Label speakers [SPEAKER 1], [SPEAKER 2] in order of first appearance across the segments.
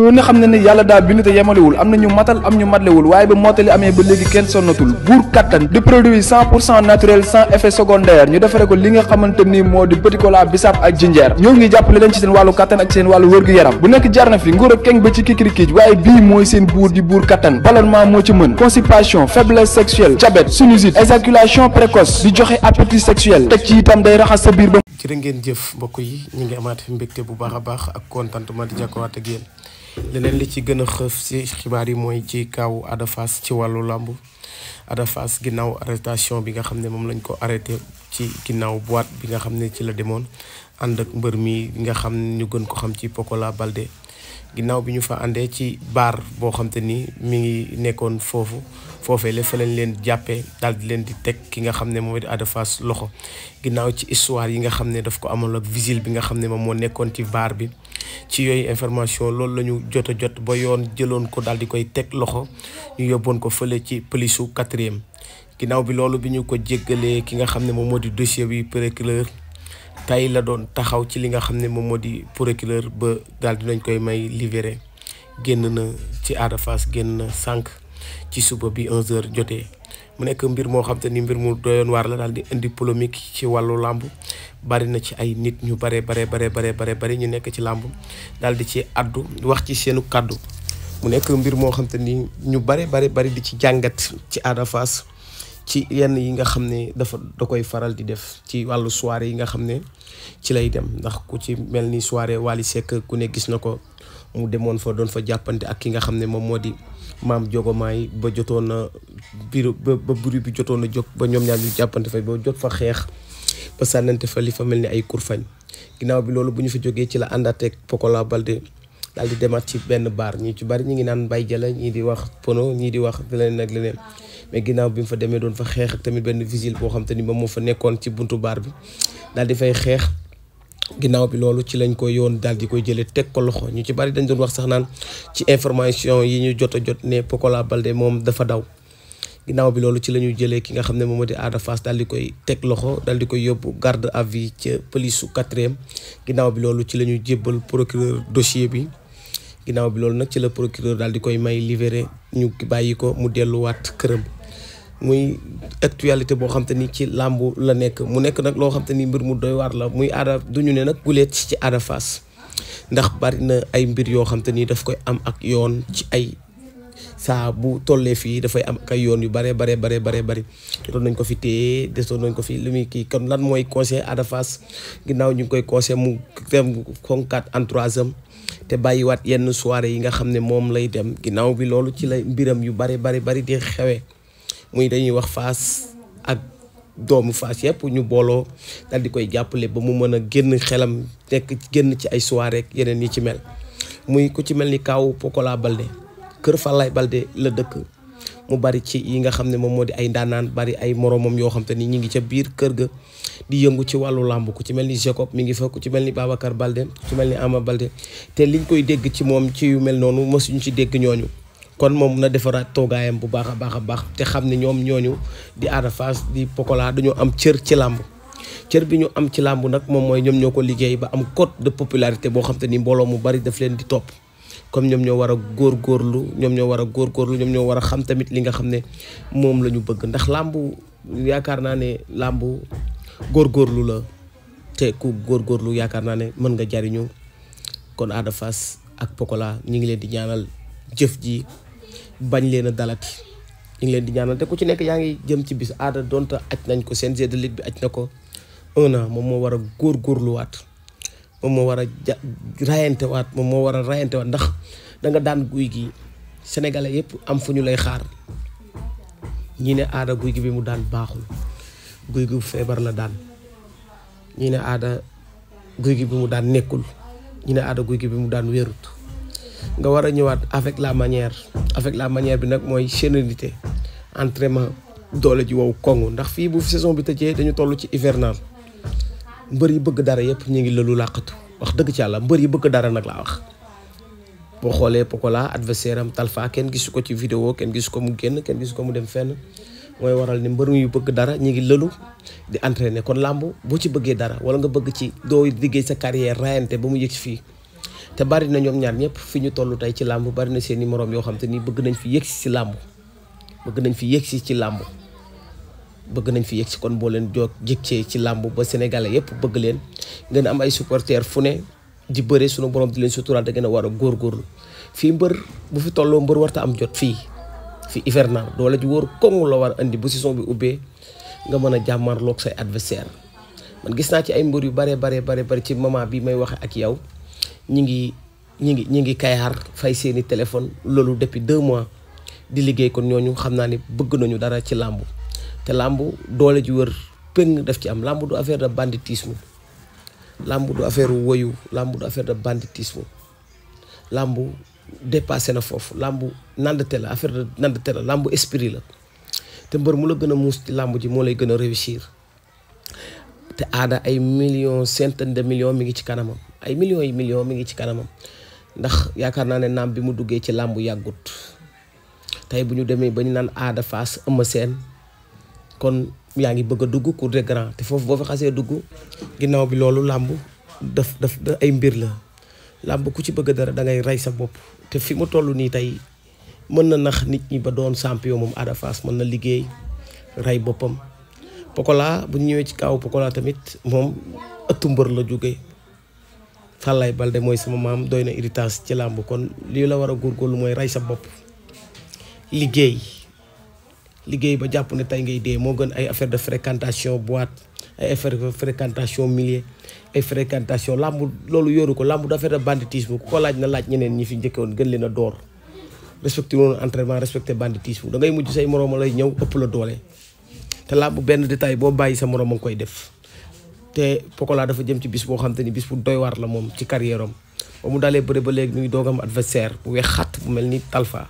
[SPEAKER 1] ku ne xam ne ne yàlla daal bi nu te yemalewul am na ñu matal am ñu matlewul waaye ba mottali amee ba léegi kenn sonnatul buur kattan di produit cent pour cent naturel sans effet secondaire ñu defare ko li nga xamante ni moo di petit cola bisaab ak jinjeer ñoo ngi jàppale leen ci seen wàllu kattan ak seen wàllu wërgu-yaram bu nekk jarna fi nguur ak keng ba ci kikirikiij waaye bii mooy seen buur di buur kattan ballonnement moo ci mën constipation faiblesse sexuelle diabète sinusite éjaculation précoce di joxe appétit sexuel teg ci itam day raxas sa biir ba jërë ngeen jëf mbokk yi ñu ngi amaat fi mbégte bu baax a baax ak contentement di leneen li ci gën a xëf ci xibaar yi mooy ci kaw Ada ci wàllu làmb Ada Fass ginnaaw arrestation bi nga xam ne moom lañ ko arrêté ci ginnaaw boîte bi nga xam ne ci la demoon ànd ak mbër mi nga xam ñu gën ko xam ci Pokola Balde ginnaaw bi ñu fa àndee ci baar boo xam ni mu ngi nekkoon foofu foofee la fa lañ leen jàppee daal di leen di teg ki nga xam ne mooy di adafas loxo ginnaaw ci histoire yi nga xam ne daf ko amal ak vigile bi nga xam ne moom moo nekkoon ci baar bi ci yooyu information loolu la ñu jot jot ba yoon jëloon ko daal di koy teg loxo ñu yóbboon ko fële ci polisu quatrième ginnaaw bi loolu bi ñu ko jéggalee ki nga xam ne moom moo di dossier bi procureur tey la doon taxaw ci li nga xam ne moom moo di procureur ba daal dinañ koy may libéré génn na ci Ada génn na sànq ci suba bi 11h jotee mu nekk mbir moo xam te ni mbir mu doyoon waar la daal di indi polémique ci wàllu làmb bari na ci ay nit ñu bare bare bare bare bare bari ñu nekk ci làmb daal di ci addu wax ci seenu kàddu mu nekk mbir moo xam te ni ñu bare bare bari di ci jàngat ci Ada ci yenn yi nga xam ne dafa da koy faral di def ci wàllu soirée yi nga xam ne ci lay dem ndax ku ci mel ni soirée Wally Seck ku ne gis na ko mu demoon fa doon fa jàppante ak ki nga xam ne moom moo di maam jogomaay ba jotoon na biir ba ba bi jotoon na jóg ba ñoom ñaar ñu jàppante fa ba jot fa xeex ba sànnante fa li fa mel ni ay kurfañ ginnaaw bi loolu bu ñu fa jógee ci la àndaat ak Pokola daal di demaat ci benn baar ñi ci bari ñu ngi naan bay jëla ñii di wax pono ñii di wax leneen nag leneen mais ginnaaw bi mu fa demee doon fa xeex ak tamit benn vigile boo xam te ni moom moo fa nekkoon ci buntu baar bi daal di xeex ginnaaw loolu ci lañ ko yoon daal di koy jëlee teg ko loxo ñu ci bari dañ doon wax sax naan ci information yi ñu jot a jot ne Pokola Baldé moom dafa daw ginnaaw bi loolu ci la ñu jëlee ki nga xam ne moom moo di Ada Fass daal di koy teg loxo dal di koy yóbbu garde à vue ca polisu quatrième ginnaaw bi loolu ci la ñu jébbal procureur dossier bi ginnaaw bi loolu nag ci la procureur daal di koy may libéré ñu bàyyi ko mu delluwaat këram muy actualité boo xam te ni ci làmbu la nekk mu nekk nag loo xam te ni mbir mu doy waar la muy aada du ñu ne nag guleet ci aada Fass ndax bari na ay mbir yoo xam te ni daf koy am ak yoon ci ay saa bu tollee fii dafay am kay yoon yu bare bare bare bare bëri doon nañ ko fi téye desoon nañ ko fi lu muy kii kon lan mooy conseil Ada Fass ginnaaw ñu ngi koy conseil mu dem konkaat en troisième te bàyyiwaat yenn soirée yi nga xam ne moom lay dem ginnaaw bi loolu ci lay mbiram yu bare bari bëri di xewee muy dañuy wax Fass ak doomu Fass yëpp ñu booloo dal di koy jàppale ba mu mën a génn xelam nekk génn ci ay soirée ak yeneen yi ci mel muy ku ci mel ni kaw Pokola Balde kër Falaye Balde la dëkk mu bari ci yi nga xam ne moom moo di ay ndaanaan bari ay moromam yoo xam te ni ñu ngi ca biir kër ga di yëngu ci wàllu làmb ku ci mel ni Jacob mi ngi fa ku ci mel ni Babacar Balde ku ci mel ni Ama Balde te liñ koy dégg ci moom ci yu mel noonu mësuñu ci dégg ñooñu kon moom na defaraat toogaayam bu baax a baax a baax te xam ne ñoom ñooñu di Ada Fass di Pokola dañoo am cër ci làmb cër bi ñu am ci làmb nag moom mooy ñoom ñoo ko liggéey ba am cote de popularité boo xam ni mbooloo mu bari daf leen di topp comme ñoom ñoo war a góorgóorlu ñoom ñoo war a góorgóorlu ñoom ñoo war a xam tamit li nga xam ne moom la ñu bëgg ndax làmb yaakaar naa ne làmbu góor góorgóorlu la te ku góorgóorlu yaakaar naa ne mën nga jariñu kon Ada Fass ak Pokola ñu ngi leen di ñaanal jëf ji bañ leen a dalati ñu ngi leen di ñaanal te ku ci nekk yaa ngi jëm ci bis Ada donte aj nañ ko seen de lutte bi aj na ko un an moom moo war a góorgóorluwaat moom moo war a ja rayantewaat moom moo war a rayantewaat ndax da nga daan guy gi sénégalais yëpp am fu ñu lay xaar ñi ne aada guy gi bi mu daan baaxul guy gi bu feebar la daan ñi ne aada guy gi bi mu daan nekkul ñi ne aada guy gi bi mu daan wérut nga war a ñëwaat avec la manière avec la manière bi nag mooy sérénité entraînement doole ji wow koŋŋ ndax fii bu saison bi tëjee dañu toll ci hivernal mbër yi bëgg dara yëpp ñu ngi lëlu làqatu wax dëgg ci yàlla mbër yi bëgg dara nag laa wax boo xoolee Pokola adversaire am Talfa kenn gisu ko ci vidéo kenn gisu ko mu génn kenn gisu ko mu dem fenn mooy waral ni mbër yu bëgg dara ñu ngi lëlu di entraîner kon làmb boo ci bëggee dara wala nga bëgg ci doo liggéey sa carrière rayante ba mu yëg fii te bari na ñoom ñaar ñëpp fi ñu toll tey ci làmb bari na seen i moroom yoo xam te ni bëgg nañ fi yëg si si bëgg nañ fi yëg si ci làmb bëgg nañ fi yegg si kon boo leen joog jékkee ci làmb ba sénégalais yëpp bëgg leen ngeen am ay supporters fu ne di bëre sunu borom di leen suturaal da ngeen a war a góorgóorlu fii mbër bu fi tolloo mbër warta am jot fii fi hivernal doole ji wóor koŋŋ la war andi bu saison bi ubbee nga mën a jàmmarloog say adversaire man gis naa ci ay mbër yu bare bare bare bare ci moment bi may waxe ak yow ñi ngi ñi ngi ñi ngi kayaar fay seeni téléphone loolu depuis deux mois di liggéey kon ñooñu xam naa ne bëgg nañu dara ci làmb te làmb doole ji wër péng def ci am làmb du affaire de banditisme làmb du affaire woyu làmb du affaire de banditisme làmb dépassé na foofu làmb nandate la affaire de nandate làmb esprit la te mbër mu la gën a muus ci làmb ji moo lay gën a réussir te aada ay millions cent de million mi ngi ci kanamam ay millions yi millions mi ngi ci kanamam ndax yaakaar naa ne naam bi mu duggee ci làmb yàggut tey bu ñu demee ba ñu naan aada faas ëmma seen kon yaa ngi bëgg a dugg cour des grands te foofu boo fi xasee dugg ginnaaw bi loolu làmb daf daf ay mbir la làmb ku ci bëgg dara dangay ngay rey sa bopp te fi mu toll nii tey mën na nax nit ñi ba doon champion moom Ada mën na liggéey rey boppam Pokola bu ñëwee ci kaw Pokola tamit moom ëttu mbër la jóge Falaye Balde mooy sama maam doy na héritage ci làmb kon lii la war a góorgóorlu mooy ray sa bopp liggéey liggéey ba jàpp ne tey ngay dee moo gën ay affaire de fréquentation boîte ay affaire de fréquentation milieu ay fréquentation làmb loolu yoru ko làmb d'affaire de banditisme ku ko laaj na laaj ñeneen ñi fi njëkkewoon gën leen a door respecté woon entraînement respecté banditisme da ngay mujj say morooma ay ñëw ëpp la doole te làmb benn détail boo bàyyi sa moroom a ngi koy def te laa dafa jëm ci bis boo xam te ni bis bu doy waar la moom ci carrière am ba mu dalee bëre ba léegi mi ngi doog am adversaire bu weex xat bu mel ni Talfa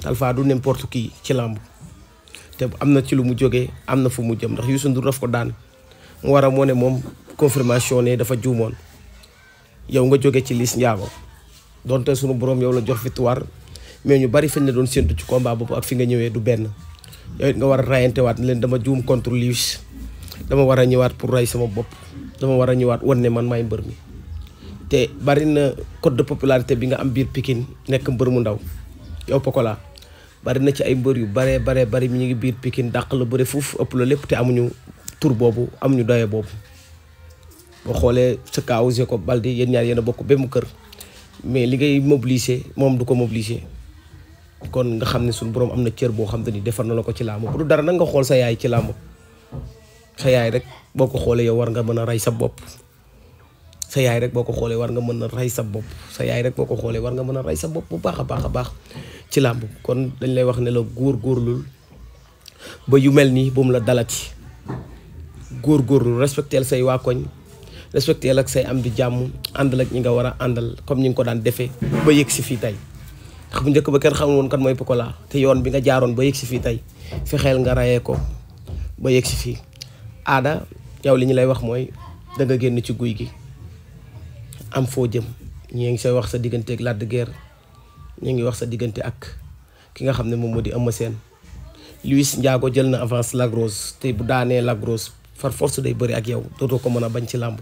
[SPEAKER 1] Talfa du n'importe qui ci làmb te am na ci lu mu jóge am na fu mu jëm ndax Youssou Ndour daf ko daan mu war a moo moom confirmation ne dafa juumoon yow nga jóge ci Liss Ndiago donte sunu borom yow la jox victoire mais ñu bari fañ la doon séntu ci combat bopp ak fi nga ñëwee du benn yow it nga war a rayantewaat ne leen dama juum contre Liss dama war a ñëwaat pour rey sama bopp dama war a ñëwaat wan ne man may mbër mi te bari na code de popularité bi nga am biir pikin nekk mbër mu ndaw yow bari na ci ay mbër yu bare baree bari mi ñu ngi biir Pikine dàq la bëre fuuf ëpp la lépp te amuñu tur boobu amuñu doye boobu boo xoolee sa kaaw ko baldi yéen ñaar yéen a bokk bemu kër mais li ngay mobiliser moom du ko mobiliser kon nga xam ne suñu borom am na cër boo xam te ni defar na la ko ci làmb bu du dara nag nga xool sa yaay ci làmb sa yaay rek boo ko xoolee yow war nga mën a rey sa bopp sa yaay rek boo ko xoolee war nga mën a rey sa bopp sa yaay rek boo ko xoolee war nga mën a rey sa bopp bu baax a baax a baax ci làmb kon dañ lay wax ne la góor góorlul ba yu mel nii bu mu la dalati góor góorlul respecteel say waa koñ respecteel ak say am di jàmm àndal ak ñi nga war a àndal comme ñi nga ko daan defee ba yëg si fii tey ndax bu njëkk ba kenn xamul woon kan mooy Pokola te yoon bi nga jaaroon ba yëg si fii tey fexeel nga rayee ko ba yëg si fii aada yow li ñu lay wax mooy da génn ci guy gi am foo jëm ñii ngi say wax sa diggante ak Lac de ngi wax sa diggante ak ki nga xam ne moom moo di Eumeu Sène Luis Ndiago jël na avance Lac te bu daanee Lac Rose far force day bëri ak yow dootoo ko mën a bañ ci làmb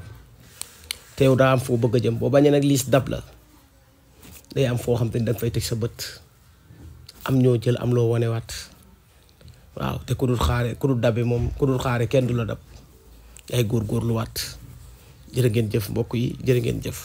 [SPEAKER 1] te daa am foo bëgg a jëm boo bañee nag liis dab day am foo xam te ni danga fay teg sa bët am ñoo jël am loo wanewaat waaw te ku dul xaare ku dul dabe moom ku xaare kenn du la dab ay góor góorluwaat jërë ngeen jëf mbokk yi jërë ngeen jëf.